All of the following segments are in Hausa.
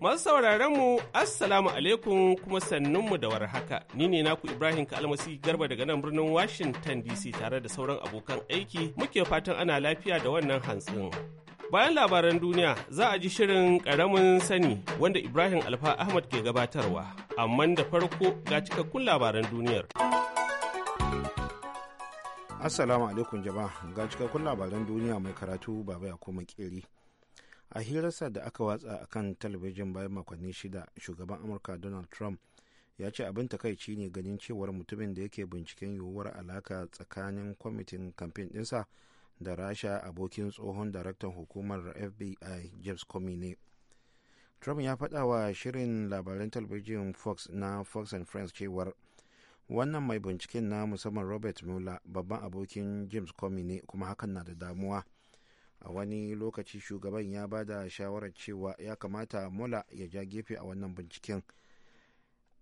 Masu sauraron mu Assalamu alaikum kuma mu da warhaka. Ni ne naku Ibrahim Kalmasi Garba daga nan birnin Washington DC tare da sauran abokan aiki muke fatan ana lafiya da wannan hantsin. Bayan labaran duniya za a ji shirin ƙaramin sani wanda Ibrahim Alfa Ahmad ke gabatarwa, amma da farko ga cikakkun labaran duniyar. Assalamu alaikum jama'a ga cikakkun labaran duniya mai karatu baba ya kuma kiri. a hirarsa da aka watsa a kan talabijin bayan makonni shida shugaban amurka donald trump ya ce abin takaici ne ganin cewar mutumin da yake binciken yiwuwar alaka tsakanin kwamitin kamfen ɗinsa da rasha abokin tsohon daraktan hukumar fbi james comey ne trump ya faɗa wa shirin labaran talabijin fox na fox and friends cewar wannan mai binciken na musamman robert mueller babban abokin james comey ne kuma hakan na da damuwa a wani lokaci shugaban ya ba da shawarar cewa ya kamata mula ya ja gefe a wannan binciken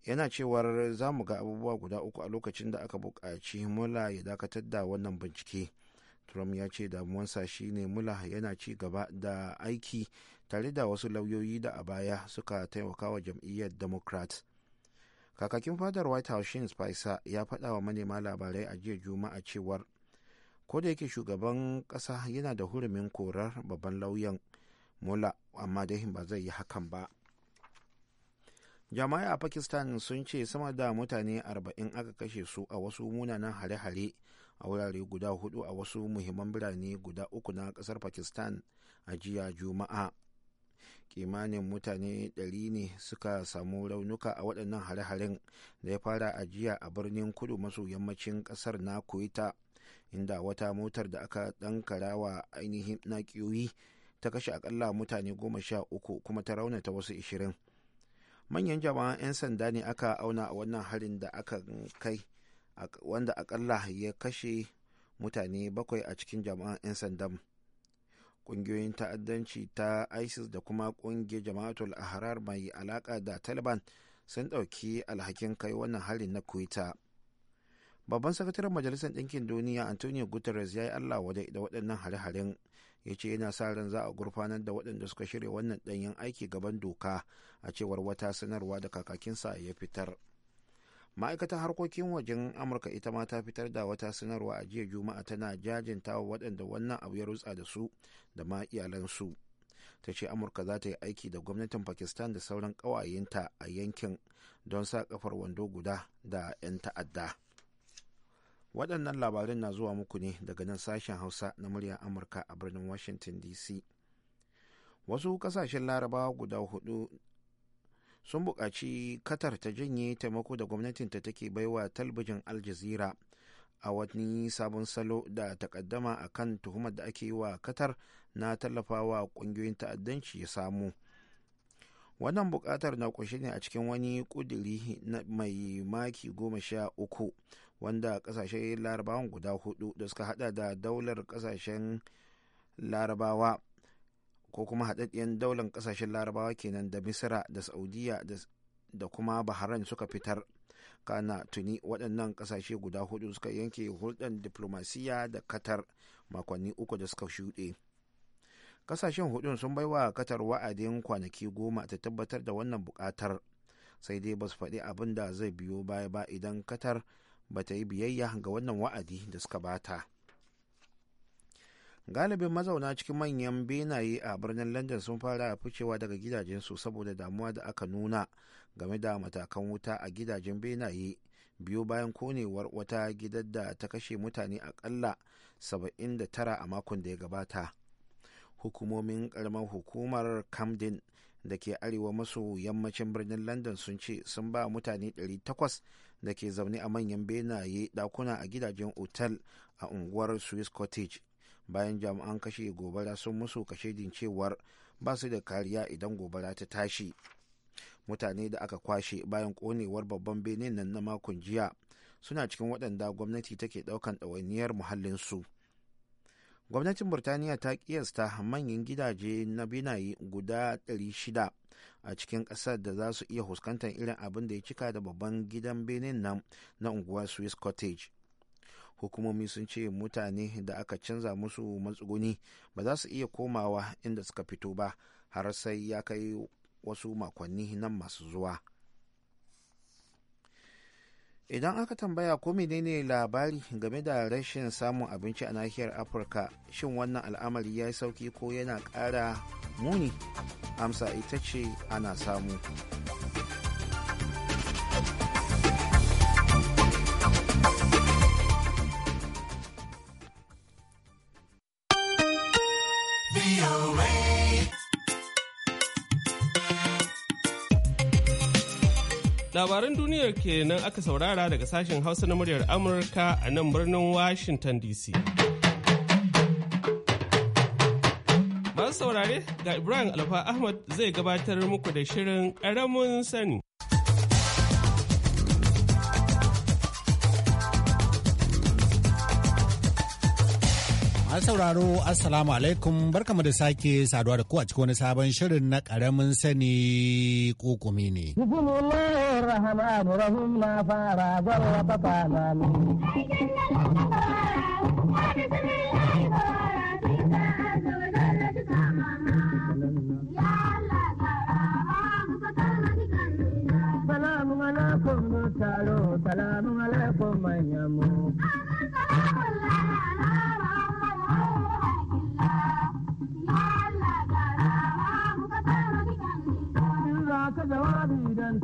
yana cewar za mu ga abubuwa guda uku a lokacin da aka buƙaci mula ya dakatar da wannan bincike trump ya ce damuwansa shine mula yana ci gaba da aiki tare da wasu lauyoyi da a baya suka taimaka wa jam'iyyar democrat kakakin fadar white house shin spicer ya faɗa wa manema labarai a jiya juma'a cewar ko da yake shugaban ƙasa yana da hurumin korar babban lauyan mola amma dai ba zai yi hakan ba jama'a a pakistan sun ce sama da mutane 40 aka kashe su a wasu munanan hare-hare a wurare guda hudu a wasu muhimman birane guda uku na kasar pakistan a jiya juma'a kimanin mutane 100 ne suka samu raunuka a waɗannan hare-haren da ya fara a jiya a birnin kudu maso yammacin kasar na kuwaita inda wata motar da aka ɗankara wa ainihin nakiyoyi ta kashe akalla mutane goma sha uku kuma ta raunata wasu ishirin manyan jama'an 'yan sanda ne aka auna a wannan harin da aka kai wanda akalla ya kashe mutane bakwai a cikin jama'an 'yan sandan ƙungiyoyin ta'addanci ta isis da kuma ƙungiyar jama'atul ahrar mai alaƙa da taliban sun ɗauki alhakin kai wannan harin na kuita babban sakataren majalisar ɗinkin duniya antonio guterres ya yi allah waje da waɗannan hare-haren ya ce yana sa ran za a gurfanar da waɗanda suka shirya wannan ɗanyen aiki gaban doka a cewar wata sanarwa da kakakin kakakinsa ya fitar ma'aikatar harkokin wajen amurka ita ma ta fitar da wata sanarwa a jiya juma'a tana jajinta wa waɗanda wannan abu ya rutsa da su da ma iyalansu ta ce amurka za ta yi aiki da gwamnatin pakistan da sauran ƙawayenta a yankin don sa kafar wando guda da 'yan ta'adda waɗannan labarin na zuwa muku ne daga nan sashen hausa na muryar amurka a birnin washington dc wasu ƙasashen larabawa guda hudu sun buƙaci katar ta janye taimako da gwamnatin ta take baiwa talbijin al a wani sabon salo da takaddama a kan tuhumar da ake yi wa katar na tallafawa ƙungiyoyin ta'addanci ya samu wannan buƙatar na ƙunshi ne a cikin wani ƙuduri mai maki goma sha uku wanda kasashe larabawan guda hudu da suka hada da daular kasashen larabawa ko kuma haɗaɗɗiyar daular kasashen larabawa kenan da misira da saudiya da kuma bahrain suka fitar kana tuni waɗannan kasashe guda hudu suka yanke hulɗar diplomasiya da qatar makonni uku da suka shuɗe kasashen hudun sun bai wa qatar wa'adin kwanaki goma ta tabbatar da wannan bukatar sai dai ba su faɗi abin da zai biyo baya ba idan qatar ba ta yi biyayya ga wannan wa'adi da suka bata galibin mazauna cikin manyan benaye a birnin london sun fara ficewa daga gidajensu saboda damuwa da aka nuna game da matakan wuta a gidajen benaye biyu bayan konewar wata gidan da ta kashe mutane akalla 79 a makon da ya gabata hukumomin karamar hukumar camden da ke arewa maso yammacin birnin london sun ce sun ba mutane 800 da ke zaune a manyan benaye dakuna a gidajen otal a unguwar swiss cottage bayan jami'an kashe gobara sun musu kashe cewar ba su da kariya idan gobara ta tashi mutane da aka kwashe bayan konewar babban benin nan na makon jiya suna cikin waɗanda gwamnati take ɗaukan ɗawainiyar muhallinsu gwamnatin burtaniya ta kiyasta manyan gidaje na binaye guda 600 a cikin ƙasar da za su iya fuskantar irin abin da ya cika da babban gidan benin nan na unguwar swiss cottage hukumomi sun ce mutane da aka canza musu matsuguni ba za su iya komawa inda suka fito ba har sai ya kai wasu makonni nan masu zuwa idan aka tambaya ko menene labari game da rashin samun abinci a nahiyar afirka shin wannan al'amari ya yi sauki ko yana ƙara muni amsa ita ce ana samu labaran duniyar kenan aka saurara daga sashen hausa na muryar amurka a nan birnin washington dc masu saurare ga ibrahim alfa ahmad zai gabatar muku da shirin karamin sani Masu sauraro Assalamu alaikum barkamu da sake saduwa da ku a cikin wani sabon shirin na karamin sani kokumi ne. Salamu alaikum salamu alaikum manyan mu.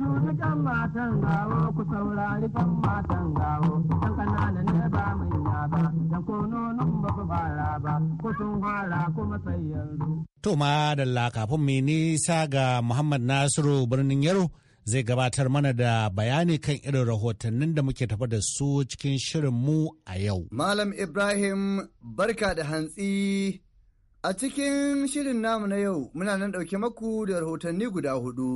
dubi matan gawo ku saurari kan matan gawo dan kanana ne ba manya ba dan ba ku fara ba sun fara kuma sai To ma dalla kafin mai nisa ga Muhammad Nasiru birnin Yaro zai gabatar mana da bayani kan irin rahotannin da muke tafa da su cikin shirin mu a yau. Malam Ibrahim barka da hantsi a cikin shirin namu na yau muna nan ɗauke maku da rahotanni guda hudu.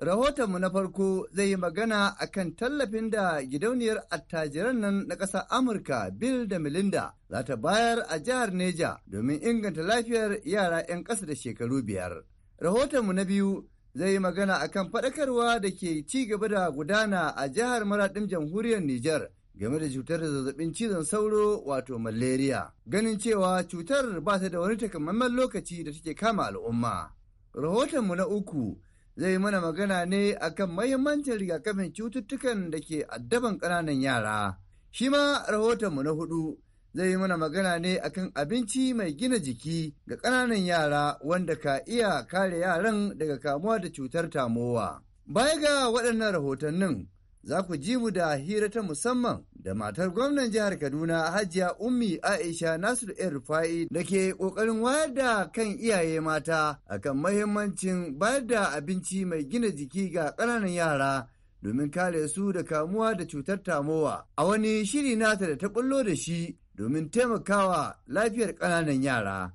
Rahotonmu na farko zai yi magana a kan tallafin da gidauniyar attajiran nan na ƙasar Amurka Bill da Melinda za ta bayar a jihar Neja domin inganta lafiyar yara 'yan ƙasa da shekaru biyar. Rahotonmu na biyu zai yi magana a kan faɗakarwa da ke ci gaba da gudana a jihar Maraɗin Jamhuriyar Nijar game da cutar zazzabin cizon sauro wato malaria. Ganin cewa cutar ba ta da wani takamaiman lokaci da take kama al'umma. Rahotonmu na uku zai mana magana ne akan mahimmancin rigakafin cututtukan da ke addaban ƙananan yara. Shi ma rahotonmu na hudu zai mana magana ne akan abinci mai gina jiki ga ƙananan yara wanda ka iya kare yaran daga kamuwa da cutar tamowa. Baya ga waɗannan rahotannin, za ku ji mu da hira ta musamman da matar gwamnan jihar Kaduna Hajiya Ummi Aisha Nasiru El Rufai da ke ƙoƙarin wayar da kan iyaye mata akan mahimmancin bayar da abinci mai gina jiki ga ƙananan yara domin kare su da kamuwa da cutar tamowa a wani shiri nata da ta bullo da shi domin taimakawa lafiyar ƙananan yara.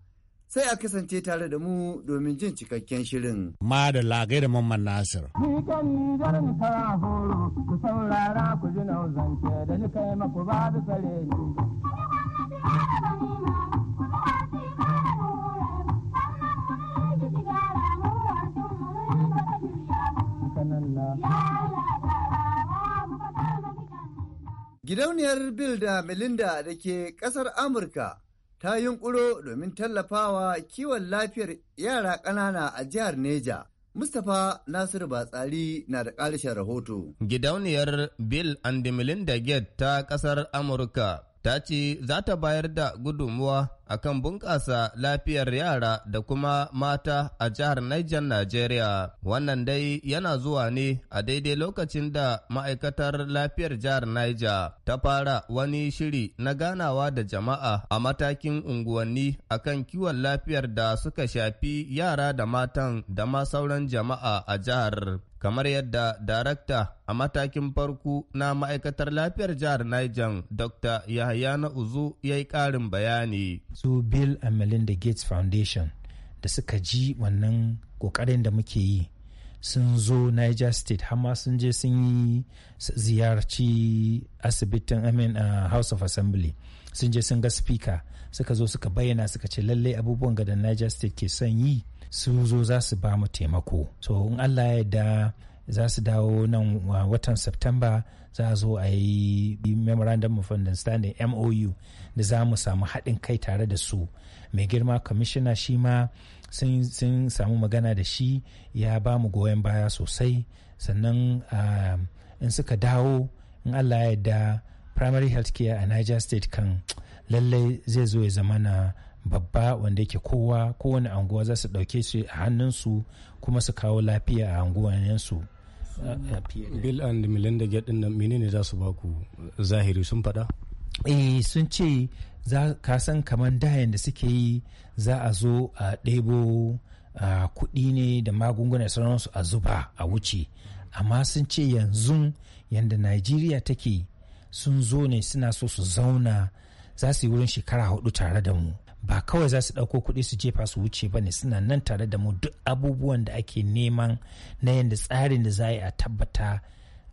sai a kasance tare da mu domin jin cikakken shirin. Ma da lagai da Mamman Nasir. Ni ku saurara ku maku ba da ni. Gidauniyar Bill da Melinda da ke ƙasar Amurka ta yunkuro domin tallafawa kiwon lafiyar yara ƙanana a jihar Neja. Mustapha Nasiru Batsari na da ƙarshen rahoto. Gidauniyar Bill and Melinda Gates ta ƙasar Amurka ta ce za ta bayar da gudunmuwa kan bunƙasa lafiyar yara da kuma mata a jihar Niger Najeriya. Wannan dai yana zuwa ne a daidai lokacin da ma'aikatar lafiyar jihar Niger ta fara wani shiri na ganawa da jama'a a matakin unguwanni a kan kiwon lafiyar da suka shafi yara da matan da ma sauran jama'a a jihar. kamar yadda darakta a matakin farko na ma'aikatar lafiyar jihar Niger Dr. Yahaya na Uzu ya yi ƙarin bayani. Su Bill and Melinda Gates Foundation da suka ji wannan ƙoƙarin da muke yi sun zo Niger State hama sun je sun yi ziyarci asibitin I mean, uh, House of Assembly sun je sun ga speaker suka zo suka bayyana suka ce lallai abubuwan ga da niger state ke son yi su zo za su ba mu taimako so in allah ya da za su dawo nan watan september za a zo a yi memorandum of understanding mou da za mu samu haɗin kai tare da su mai girma kwamishina shi ma sun samu magana da shi ya ba mu goyon baya sosai sannan in suka dawo in allah ya yarda primary health care a niger state kan lallai zai zo ya zama na babba wanda yake kowa kowane anguwa za su ɗauke su a hannunsu kuma su kawo lafiya a anguwanninsu bill and melinda gate nan menene za su baku zahiri sun faɗa eh sun ce za ka san kamar dayan da suke yi za a zo a ɗebo kuɗi ne da magunguna sauransu a zuba a wuce amma sun ce yanzu yadda najeriya take sun zo ne suna so su zauna za su yi wurin shekara hudu tare da mu ba kawai za su dauko kuɗi su jefa su wuce ba ne suna nan tare da mu duk abubuwan da ake neman na yadda tsarin da za a tabbata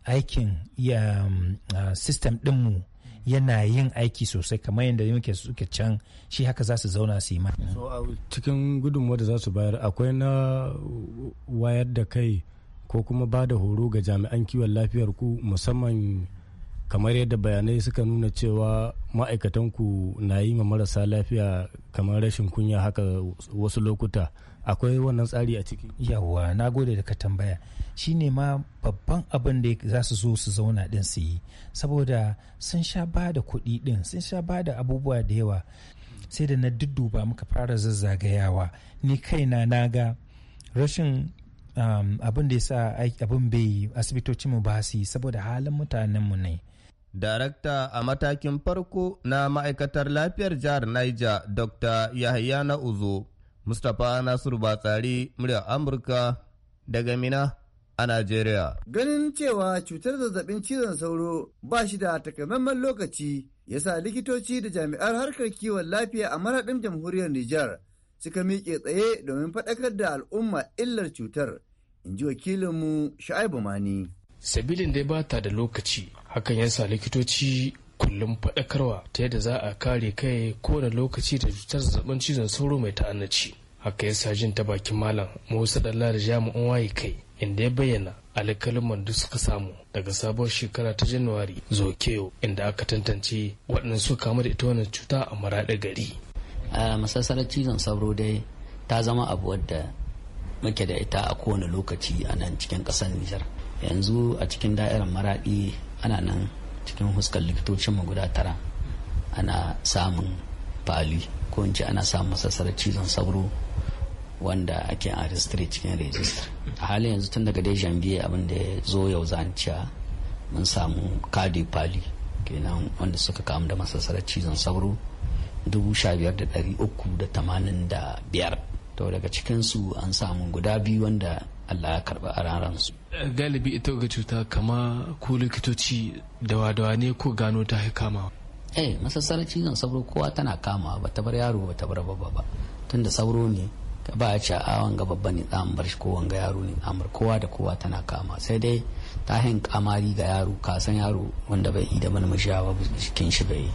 aikin um, system mu yana yin aiki sosai kamar yadda muke suke can shi haka za su zauna su yi ma. cikin gudunmuwa da za su bayar akwai na wayar da kai ko kuma ba da horo ga jami'an kiwon lafiyar ku musamman kamar yadda bayanai suka nuna cewa ma'aikatanku na yi ma marasa lafiya kamar rashin kunya haka wasu lokuta akwai wannan tsari a ciki yawa na gode da ka tambaya shi ne ma babban abin da za su zo su zauna din su yi saboda sun sha ba da kuɗi din sun sha ba da abubuwa da yawa sai da na dudduba muka fara zazzagayawa ni kaina na ga rashin um, abin da ya sa abin bai asibitocinmu ba su yi saboda halin mutanenmu ne Darakta a matakin farko na ma'aikatar lafiyar jihar Niger, Dr. yahya na Uzo, Mustapha Nasiru Batsari, muryar Amurka daga Mina a Najeriya. Ganin cewa cutar zazzabin cizon sauro ba shi da takamaiman lokaci, ya sa likitoci da jami'ar harkar kiwon lafiya a maraɗin jamhuriyar Nijar suka miƙe tsaye domin faɗakar da al'umma illar cutar, in ji wakilinmu Sha'ibu Mani. sabilin dai ba ta da lokaci hakan ya sa likitoci kullum faɗakarwa ta yadda za a kare kai kowane lokaci da cutar zazzabin cizon sauro mai ta'annaci haka yasa jin ta bakin malam musa dalla da jami'an waye kai inda ya bayyana alƙaluman duk suka samu daga sabon shekara ta januwari zokeo inda aka tantance waɗanda suka kamu da ita wannan cuta a maraɗa gari a masassarar cizon sauro dai ta zama abu wadda muke da ita a kowane lokaci a nan cikin ƙasar nijar yanzu a cikin da'irar maraɗi ana nan cikin huskar likitocin mu guda tara ana samun fali ko in ce ana samun sassarar cizon sauro wanda ake a cikin rejistar a halin yanzu tun daga dai janvier abin da ya zo yau zanciya mun samu kadi fali kenan wanda suka kamu da masassarar cizon sauro 15,385 to daga cikinsu an samu guda biyu wanda allah ya karba a su. galibi ita ga cuta kama ko likitoci dawa-dawa ne ko gano ta kama eh masassarar cizon sauro kowa tana kama ba ta bar yaro ba ta bar ba ba tunda sauro ne ka ba ci a wanga babba ne tsamar bar shi ko wanga yaro ne tsamar kowa da kowa tana kama sai dai ta hin kamari ga yaro kasan yaro wanda bai yi da mana mashawa ba jikin shi bai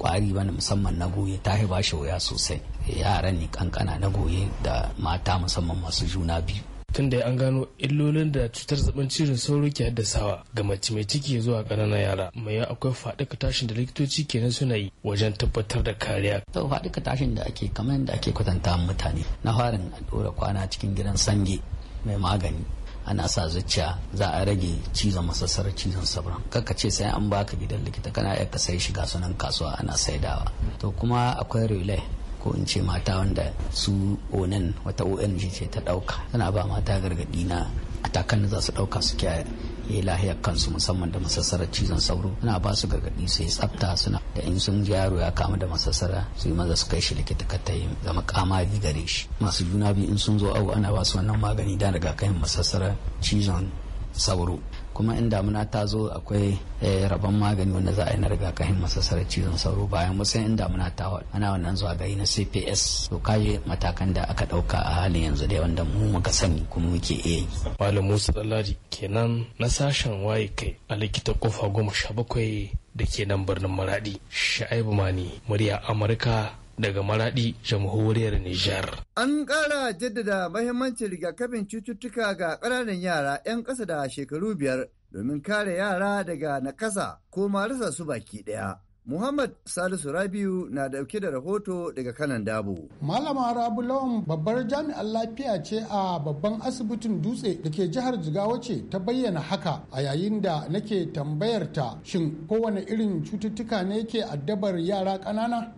kwari bane musamman na goye ta ba shi wuya sosai yara ne kankana na goye da mata musamman masu juna biyu tun da an gano illolin da cutar zaben cizon sauro ke haddasawa ga mace mai ciki zuwa ƙananan yara mai akwai faɗuka tashin da likitoci kenan suna yi wajen tabbatar da kariya. to ka tashin da ake kamar da ake kwatanta mutane na farin a ɗora kwana cikin gidan sange mai magani ana sa zuciya za a rage cizon masassar cizon sabran kaka ce sai an baka gidan likita kana iya ka sai shiga sunan kasuwa ana saidawa to kuma akwai relay ko in ce mata wanda su onan wata ong ce ta dauka tana ba mata gargadi na atakan da za su dauka su kya ya lahiyar kansu musamman da masassarar cizon sauro tana ba su gargaɗi su yi tsafta suna da in sun ji yaro ya kama da masassara su yi maza su kai shi likita ka ta yi zama kamari gare shi masu juna biyu in sun zo awo ana ba su wannan magani da rigakafin masassara cizon sauro kuma in damuna ta zo akwai eh, rabon magani wanda za a yi na rigakafin masasarar cizon sauro bayan musan in damuna ta ana wannan zuwa gari na cps to kaje matakan da aka dauka a halin yanzu da wanda mu muka sani kuma muke iya yi malam musa dalari kenan na sashen waye kai a likita kofa goma sha bakwai da ke nan birnin maradi sha'ibu mani murya amurka daga maradi jamhuriyar Nijar. An ƙara jaddada mahimmancin rigakafin cututtuka ga ƙananan yara 'yan ƙasa da shekaru biyar domin kare yara daga nakasa ko marasa su baki ɗaya. Muhammad Salisu Rabiu na dauke da rahoto daga kanan dabo. Malama Rabu Lawan babbar jami'an lafiya ce a babban asibitin dutse da ke jihar Jigawa ce ta bayyana haka a yayin da nake tambayar ta shin kowane irin cututtuka ne ke addabar yara ƙanana?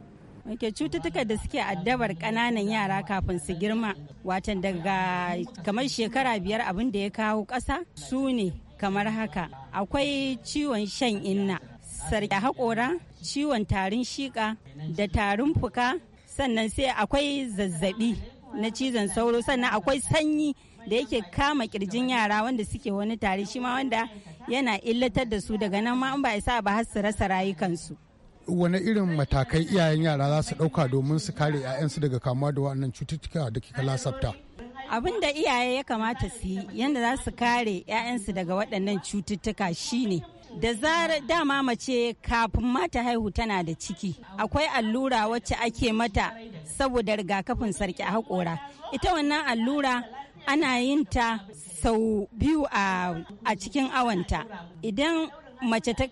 Ke cututtuka da suke addabar ƙananan yara kafin su girma, watan daga kamar shekara biyar abin da ya kawo ƙasa su ne kamar haka. Akwai ciwon shan inna, sarki haƙora, ciwon tarin shiƙa da tarin fuka, sannan sai akwai zazzabi na cizon sauro, sannan akwai sanyi. da yake kama kirjin yara wanda suke wani tari shi ma wanda yana illatar da su daga nan ma an ba isa ba su rasa rayukansu wani irin matakai iyayen yara za su ɗauka domin su kare 'ya'yansu daga kamuwa da wannan cututtuka da kika lasafta? abin da iyaye ya kamata su yi yadda za su kare 'ya'yansu daga waɗannan cututtuka shine da zarar dama mace kafin mata haihu tana da ciki akwai allura wacce ake mata saboda rigakafin sarki a haƙora ita wannan allura ana yin ta sau biyu a cikin awanta idan mace ta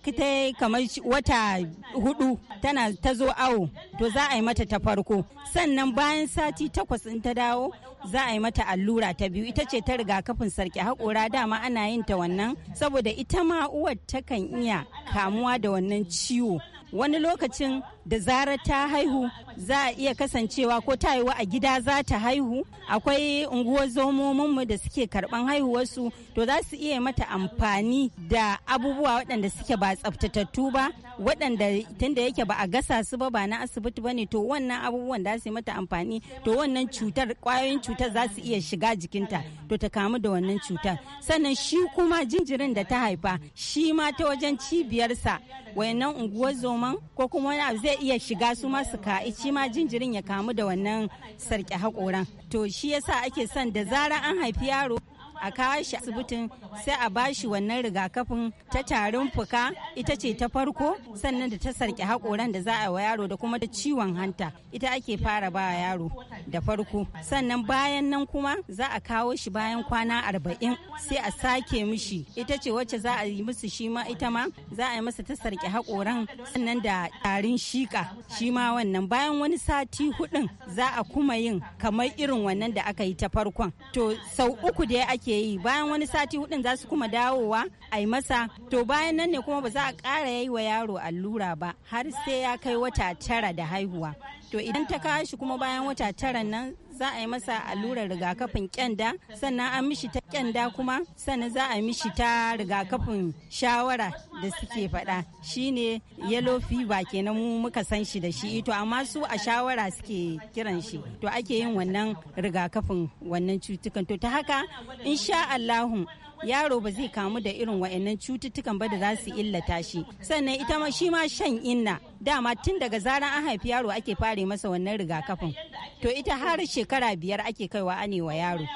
kamar wata hudu tana ta zo awo to za a yi mata ta farko sannan bayan sati takwas in ta dawo za a yi mata allura ta biyu ita ce ta rigakafin sarki haƙora dama ana yin ta wannan saboda ita ma uwar ta kan iya kamuwa da wannan ciwo wani lokacin da zarar ta haihu za a iya kasancewa ko ta a gida za ta haihu akwai unguwar mu da suke karban haihuwarsu to za su iya mata amfani da abubuwa waɗanda suke ba tsaftatattu ba waɗanda tunda yake ba a gasa su ba ba na asibiti ba ne to wannan abubuwan da su mata amfani to wannan cutar kwayoyin cutar za su iya shiga jikinta to ta kamu da wannan cutar sannan shi kuma jinjirin da ta haifa shi ma ta wajen cibiyarsa wayannan unguwar zoman ko kuma zai iya shiga su ma su ka'ici shi ma jinjirin ya kamu da wannan sarki haƙoran to shi yasa ake son da zarar an haifi yaro a kawo shi asibitin sai a bashi wannan rigakafin ta tarin fuka ita ce ta farko sannan da ta sarki haƙoran da za a wa yaro da kuma da ciwon hanta ita ake fara ba yaro da farko sannan bayan nan kuma za a kawo shi bayan kwana arba'in sai a sake mishi ita ce wacce za a yi musu shi ma ita ma za a yi masa ta sarki hakoran sannan da tarin shika shi ma wannan bayan wani sati hudun za a kuma yin kamar irin wannan da aka yi ta farkon to sau uku da ake yi bayan wani sati hudun za su kuma dawowa a yi masa to bayan nan ne kuma ba za a kara yi wa yaro allura ba har sai ya kai wata tara da haihuwa to idan ta kawo shi kuma bayan wata tara nan za a yi masa allurar rigakafin kyanda sannan an mishi ta kyanda kuma sannan za a mishi ta rigakafin shawara da suke faɗa shine yellow fever kenan mu muka san shi da shi to amma su a shawara suke kiran shi to ake yin wannan rigakafin wannan cutukan to ta haka insha Allahu yaro ba zai kamu da irin wa'annan cututtukan ba da za su illata shi sannan ita ma shi ma shan inna dama tun daga zaran an haifi yaro ake fare masa wannan rigakafin to ita har shekara biyar ake kaiwa ane wa yaro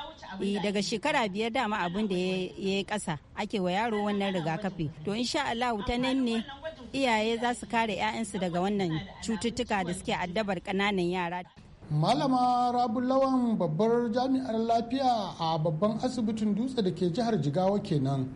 eh, daga shekara biyar dama abin da ya yi ƙasa ake wa yaro wannan rigakafi to insha Allah ta nan ne iyaye za su kare 'ya'yansu daga wannan cututtuka da suke addabar kananan yara malama rabulawan babbar jami'ar lafiya a babban asibitin dutse da ke jihar jigawa kenan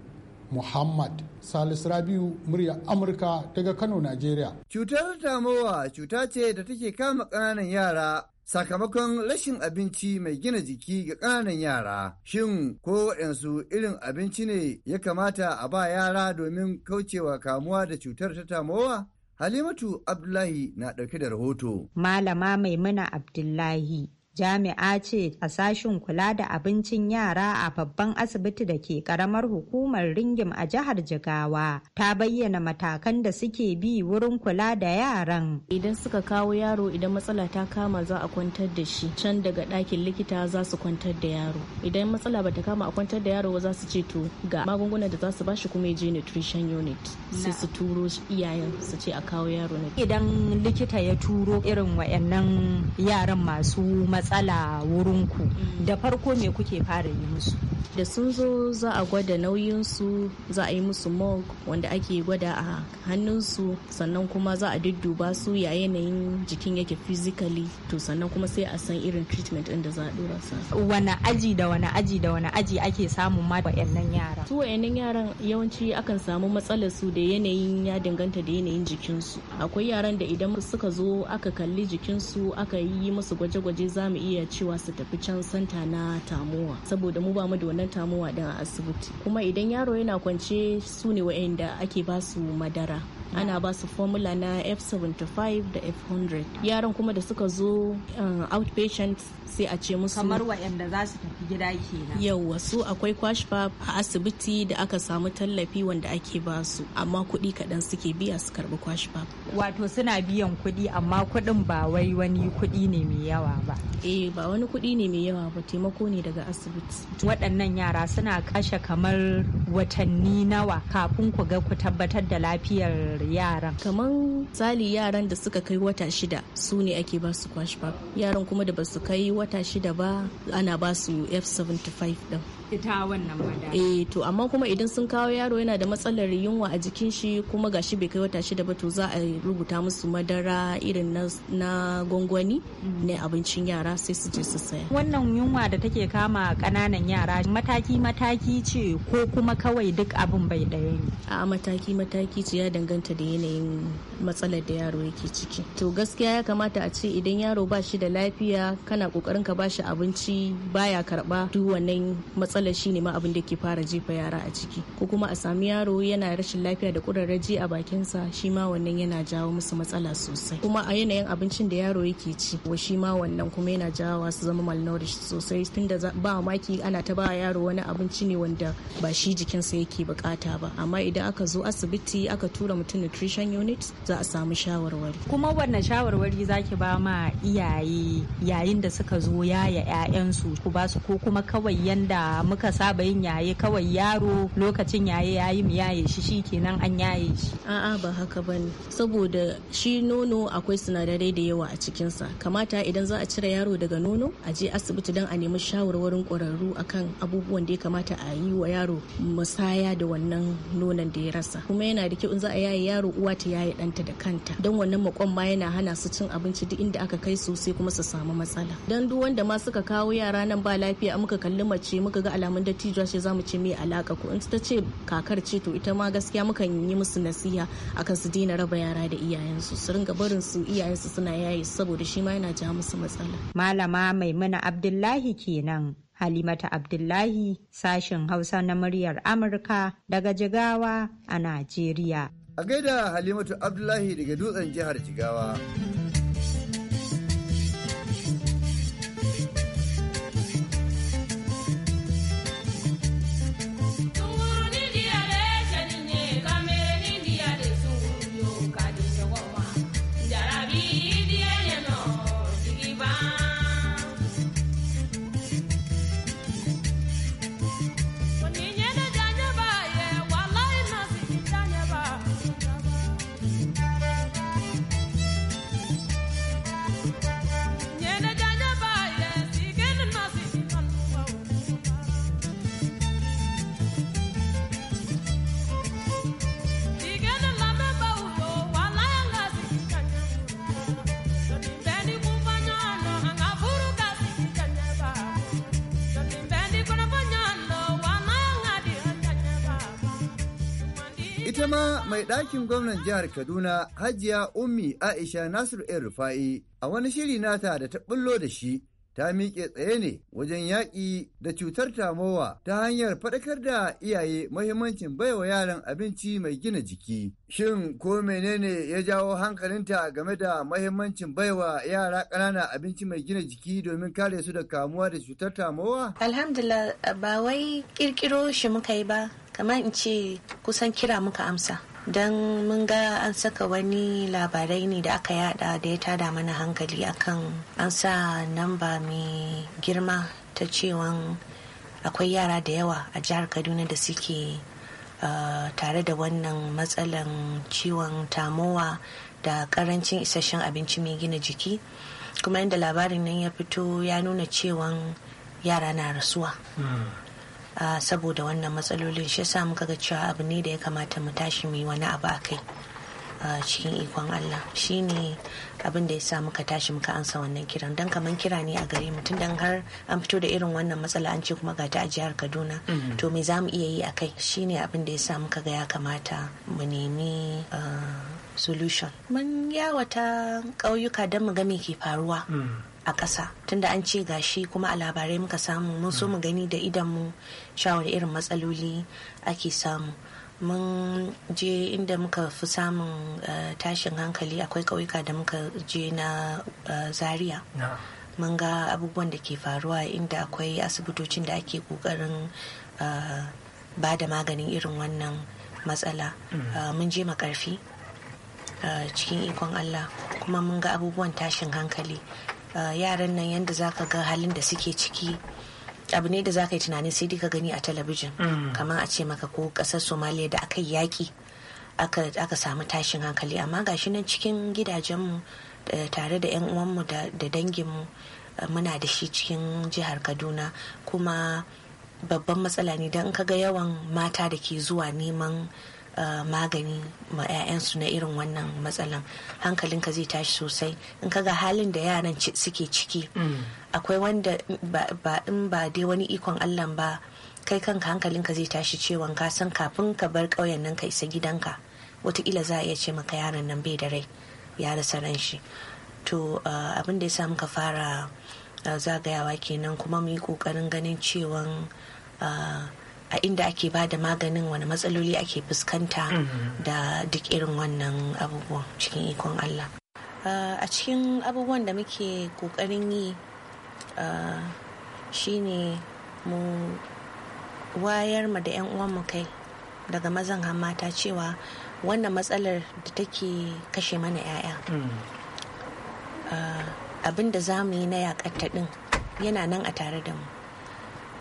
muhammad salis rabiu murya amurka daga kano nigeria cutar tamowa cuta ce da take kama ƙananan yara sakamakon rashin abinci mai gina jiki ga ƙananan yara shin ko waɗansu irin abinci ne ya kamata a ba yara domin kaucewa kamuwa da cutar ta tamowa Halimatu Abdullahi na ɗauke da rahoto. Malama Maimuna Abdullahi jami'a ce a sashen kula da abincin yara a babban asibiti da ke karamar hukumar ringim a jihar jigawa ta bayyana matakan da suke bi wurin kula da yaran idan suka kawo yaro idan matsala ta kama za a kwantar da shi can daga ɗakin likita za su kwantar da yaro idan matsala bata kama a kwantar da yaro za su ce to ga magungunan da za su bashi kuma ya je nutrition unit sai su turo iyayen su ce a kawo yaro idan likita ya turo irin wayannan yaran masu matsala wurinku mm. da farko me kuke fara yi musu da sun zo za a gwada nauyinsu za a yi musu mug wanda ake gwada a hannunsu sannan kuma za a dudduba su ya yanayin jikin yake physically to sannan kuma sai a san irin treatment ɗin da za a dora sa wani aji da wani aji da wani aji ake samun ma wa'annan yara su wa'annan yaran yawanci akan samu matsalar su da yanayin ya danganta da yanayin jikinsu akwai yaran da idan suka zo aka kalli jikinsu aka yi musu gwaje-gwaje za mu iya cewa su tafi can santa na tamuwa saboda mu ba mu da wannan tamuwa din a asibiti kuma idan yaro yana kwance su ne wa'anda ake ba su madara ana ba su formula na f75 da f100 yaran kuma da suka zo eh, outpatient sai a ce musu kamar waɗanda za su tafi gida na. Yau wasu akwai kwash a asibiti da aka samu tallafi wanda ake ba su amma kuɗi kaɗan suke biya su karɓi kwash wato suna biyan kuɗi amma kuɗin ba wai wani kuɗi ne mai yawa ba eh ba wani kuɗi ne mai yawa ba taimako ne daga asibiti waɗannan yara suna kashe kamar watanni nawa kafin ku ga ku tabbatar da lafiyar yaran kaman misali yaran da suka kai wata shida su ne ake ba su kwash yaran kuma da ba su kai wata shida ba ana ba su f75 din ita wannan madara eh to amma kuma idan sun kawo yaro yana da matsalar yunwa a jikin shi kuma gashi bai kai wata shida ba to za a rubuta musu madara irin na gwangwani mm. ne abincin yara sai su je su saya wannan yunwa da take kama kananan yara mataki mataki ce ko kuma kawai duk abin bai ɗaya ne a mataki mataki ce ya danganta da yanayin matsalar da yaro yake ciki to gaskiya ya kamata a ce idan yaro ba shi da lafiya kana kokarin ka ba shi abinci baya karba duk wannan matsalar matsalar shine ma abin da ke fara jefa yara a ciki ko kuma a sami yaro yana rashin lafiya da kurarraji a bakinsa shi ma wannan yana jawo musu matsala sosai kuma a yanayin abincin da yaro yake ci wa shi ma wannan kuma yana jawo su zama malnourished sosai tunda ba maki ana ta ba yaro wani abinci ne wanda ba shi jikinsa yake bukata ba amma idan aka zo asibiti aka tura mutum nutrition unit za a samu shawarwari kuma wannan shawarwari zaki ba ma iyaye yayin da suka zo yaya 'ya'yansu ku ba su ko kuma kawai yanda muka saba yin yaye kawai yaro lokacin yaye ya yi mu yaye shi shikenan an yaye shi a'a ba haka bane saboda shi nono akwai sinadarai da yawa a cikinsa kamata idan za a cire yaro daga nono a je asibiti don a nemi shawarwarin ƙwararru akan abubuwan da ya kamata a yi wa yaro musaya da wannan nonon da ya rasa kuma yana da kyau in za a yaye yaro uwa ta yaye ɗanta da kanta don wannan makon ma yana hana su cin abinci duk inda aka kai su sai kuma su samu matsala don duk wanda ma suka kawo yara nan ba lafiya muka kalli mace muka ga alamun dattijuwa ce zamu ce mai alaka ko in ta ce kakar ce to ita ma gaskiya mukan yi musu nasiha akan su daina raba yara da iyayensu su ringa barin su iyayensu suna yayi saboda shi ma yana ja musu matsala malama maimuna abdullahi kenan halimata abdullahi sashin hausa na muryar amurka daga jigawa a najeriya a gaida halimatu abdullahi daga dutsen jihar jigawa Ita ma mai ɗakin gwamnan jihar Kaduna Hajiya Ummi Aisha Nasiru El Rufa'i a wani shiri nata da ta bullo da shi ta miƙe tsaye ne wajen yaƙi da cutar tamowa ta hanyar faɗakar da iyaye mahimmancin baiwa yaran abinci mai gina jiki. Shin ko menene ya jawo hankalinta game da mahimmancin baiwa yara ƙanana abinci mai gina jiki domin kare su da kamuwa da cutar tamowa? Alhamdulillah ba wai ƙirƙiro shi muka yi ba kamar in ce kusan kira muka amsa don mun ga an saka wani labarai ne da aka yada da ya tada mana hankali akan an sa namba mai girma ta cewa akwai yara da yawa a jihar kaduna da suke eh, tare da wannan matsalan ciwon tamowa da karancin isasshen abinci mai gina jiki kuma yadda labarin nan ya fito ya nuna cewan yara na rasuwa hmm. saboda wannan matsalolin shi sa muka ga cewa abu ne da ya kamata mu tashi mu yi wani abu a kai cikin ikon Allah shi ne abin da ya sa muka tashi muka ansa wannan kiran don kamar kira ne a gare mu tun dan har an fito da irin wannan matsala an ce kuma ga ta a jihar Kaduna mm-hmm. to me za mu iya yi a kai shi ne abin da ya sa muka ga ya kamata mu nemi solution mun yawata ƙauyuka don mu ga me ke faruwa mm. a ƙasa tunda an ce gashi kuma a labarai muka samu mun so mu gani da idan mu shawar irin matsaloli ake samu mun je inda muka fi samun eh, tashin hankali akwai ƙauyuka da muka je na eh, zaria mun ga abubuwan da ke faruwa inda akwai asibitocin da ake ƙoƙarin eh, ba da maganin irin wannan matsala mm. mun je makarfi cikin ikon allah kuma mun ga abubuwan tashin hankali yaran nan yadda za ka ga halin da suke ciki abu ne da za ka yi tunani sai dai ka gani a talabijin mm. kamar a ce maka ko kasar somaliya da aka yi yaƙi aka samu tashin hankali amma gashi nan cikin gidajenmu tare da 'yan uwanmu da danginmu muna da shi cikin jihar kaduna kuma babban matsala ne don ka ga yawan mata da ke zuwa neman magani ma 'ya'yansu na irin wannan matsalan hankalinka zai tashi sosai in ka ga halin da yaran suke ciki mm. akwai wanda ba in ba dai wani ikon allah ba kai kanka hankalinka zai tashi cewan ka san kafin ka bar ƙauyen nan ka isa gidanka wataƙila za a iya ce maka yaran nan bai da rai ya rasa ran shi to abin da ya sa muka fara zagayawa kenan kuma mu yi ƙoƙarin ganin cewan a inda ake ba da maganin wani matsaloli ake fuskanta mm-hmm. da duk irin wannan abubuwan cikin ikon Allah. Ah, a cikin abubuwan da muke ƙoƙarin yi ah, shine mu wayar ma da 'yan mu kai daga mazan mata cewa wannan matsalar da take kashe mana 'ya'ya. Mm. Ah, abin da za mu yi na yakatta din yana nan a tare da mu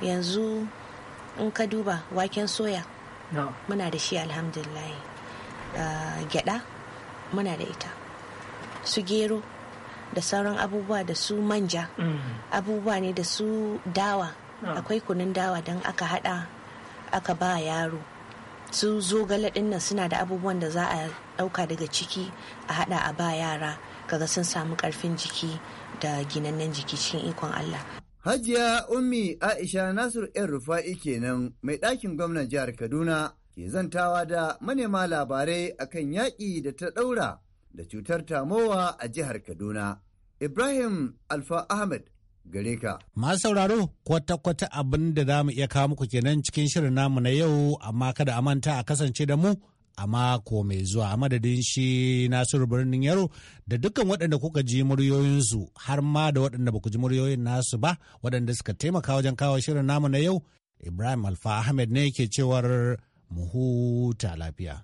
yanzu in ka duba waken soya muna da shi alhamdulillah ah, gyada muna da ita su gero da sauran abubuwa da su manja mm. abubuwa ne da su dawa akwai kunun dawa don aka hada aka ba yaro su zogale din nan suna da abubuwan da za a dauka daga ciki a hada a ba yara kaga sun samu karfin jiki da ginannen jiki cikin ikon Allah Hajiya Ummi Aisha Nasiru ‘yan Rufa'i kenan mai ɗakin gwamnan jihar Kaduna ke zantawa da manema labarai akan yaƙi da ta ɗaura da cutar tamowa a jihar Kaduna. Ibrahim Alfa Ahmed gare ka. Masu sauraro kwata-kwata abin da za mu iya kawo muku kenan cikin shirin namu na yau amma kada a manta a kasance da mu a mako mai zuwa a madadin shi nasiru birnin yaro da dukkan waɗanda kuka ji muryoyinsu har ma da waɗanda baku ji muryoyin nasu ba waɗanda suka taimaka wajen kawo shirin namu na yau ibrahim alfa ahmed ne ke cewar mu huta lafiya.